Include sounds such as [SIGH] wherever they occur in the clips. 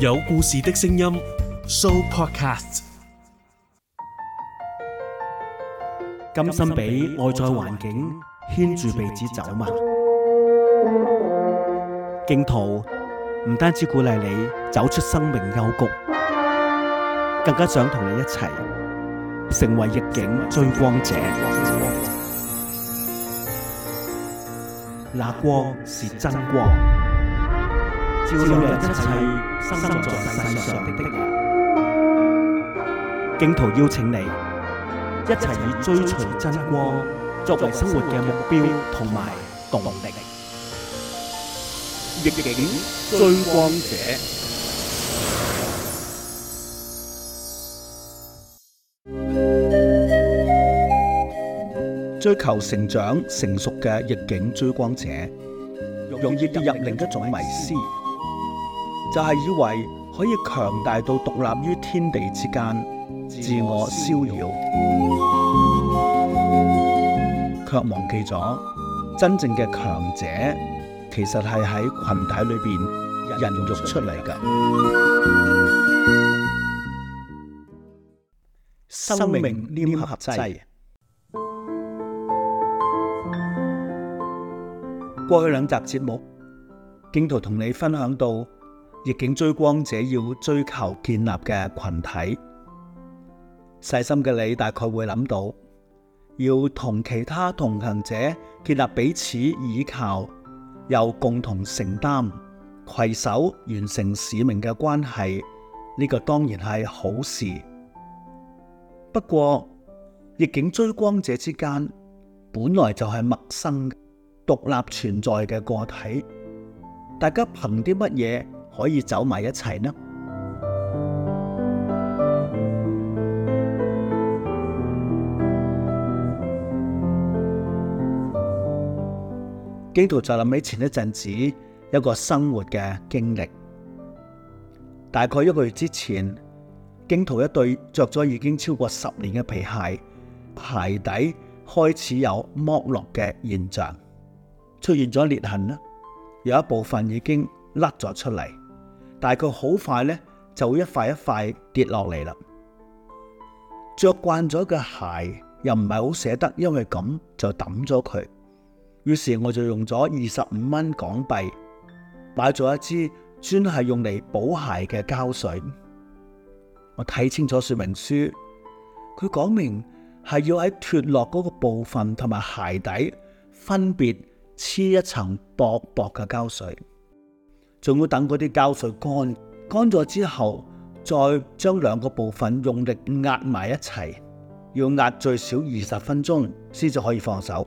有故事的聲音，Sooo Podcast。甘心俾外在環境牽住鼻子走嗎？荊徒唔單止鼓勵你走出生命幽谷，更加想同你一齊成為逆境追光者。那光是真光。照亮一切生在世上的的人，荊徒邀請你一齊以追隨真光作為生活嘅目標同埋動力。逆境追光者，追求成長成熟嘅逆境追光者，容易跌入另一種迷思。就係、是、以為可以強大到獨立於天地之間，自我逍遙，却忘記咗真正嘅強者，其實係喺群體裏邊孕育出嚟嘅生命黏合劑。過去兩集節目，荊徒同你分享到。逆境追光者要追求建立嘅群體，細心嘅你大概會諗到，要同其他同行者建立彼此倚靠又共同承擔、攜手完成使命嘅關係，呢個當然係好事。不過，逆境追光者之間本來就係陌生的、獨立存在嘅個體，大家憑啲乜嘢？可以走埋一齊呢？荊徒就諗起前一陣子一個生活嘅經歷，大概一個月之前，荊徒一對着咗已經超過十年嘅皮鞋，鞋底開始有剝落嘅現象，出現咗裂痕啦，有一部分已經甩咗出嚟。但係佢好快呢，就會一塊一塊跌落嚟啦。着慣咗嘅鞋又唔係好捨得，因為咁就抌咗佢。於是我就用咗二十五蚊港幣買咗一支專係用嚟補鞋嘅膠水。我睇清楚說明書，佢講明係要喺脫落嗰個部分同埋鞋底分別黐一層薄薄嘅膠水。仲要等嗰啲膠水乾，乾咗之後，再將兩個部分用力壓埋一齊，要壓最少二十分鐘先至可以放手。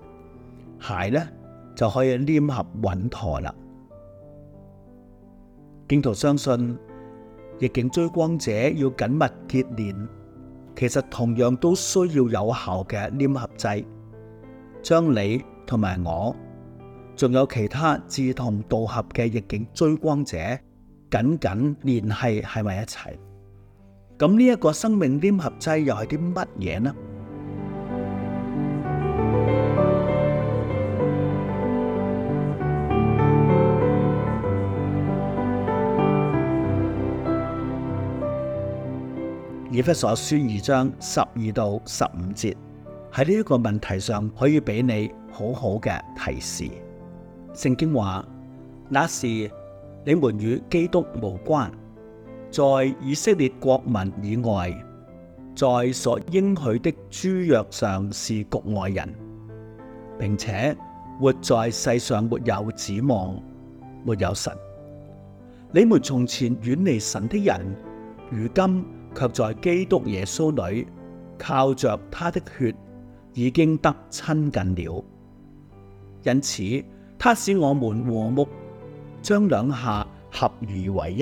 鞋呢，就可以粘合穩妥啦。荊徒相信，逆境追光者要緊密結連，其實同樣都需要有效嘅粘合劑，將你同埋我。仲有其他志同道合嘅逆境追光者，緊緊聯繫喺埋一齊。咁呢一個生命黏合劑又係啲乜嘢呢？ [MUSIC] 《以弗所書》二章十二到十五節，喺呢一個問題上可以俾你好好嘅提示。聖經話：那時你們與基督無關，在以色列國民以外，在所應許的諸約上是局外人，並且活在世上沒有指望，沒有神。你們從前遠離神的人，如今却在基督耶穌裏靠着他的血已經得親近了。因此，他使我們和睦，將兩下合而為一，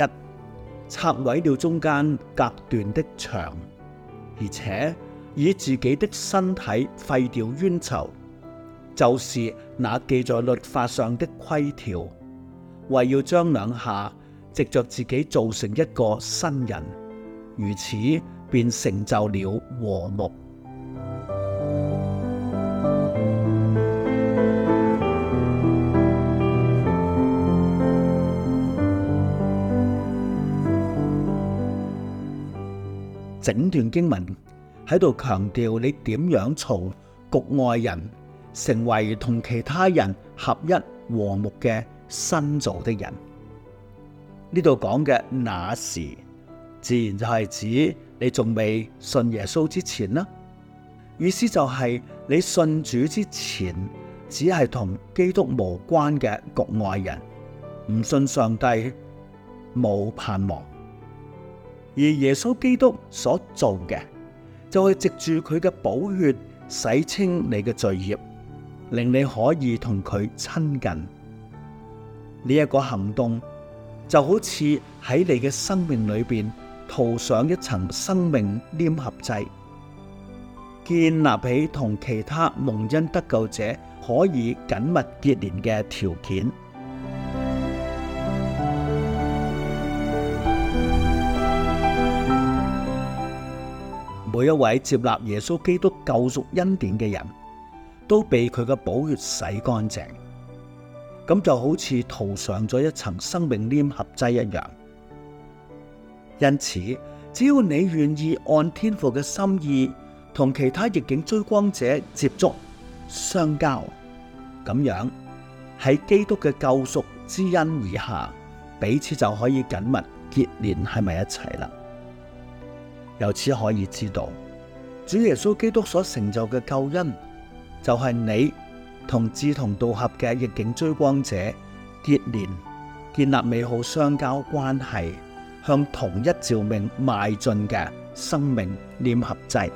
拆毀了中間隔斷的牆，而且以自己的身體廢掉冤仇，就是那記在律法上的規條，為要將兩下藉着自己造成一個新人，如此便成就了和睦。整段經文喺度強調你點樣從局外人成為同其他人合一和睦嘅新造的人。呢度講嘅那時，自然就係指你仲未信耶穌之前啦。意思就係你信主之前，只係同基督無關嘅局外人，唔信上帝，冇盼望。而耶穌基督所做嘅，就係藉住佢嘅寶血，洗清你嘅罪孽，令你可以同佢親近。呢、這、一個行動就好似喺你嘅生命裏邊塗上一層生命黏合劑，建立起同其他蒙恩得救者可以緊密結連嘅條件。每一位接納耶穌基督救贖恩典嘅人，都被佢嘅寶血洗乾淨，咁就好似塗上咗一層生命黏合劑一樣。因此，只要你願意按天父嘅心意，同其他逆境追光者接觸相交，咁樣喺基督嘅救贖之恩以下，彼此就可以緊密結連喺埋一齊啦。由此可以知道，主耶穌基督所成就嘅救恩，就係你同志同道合嘅逆境追光者結連，建立美好相交關係，向同一召命邁進嘅生命黏合劑。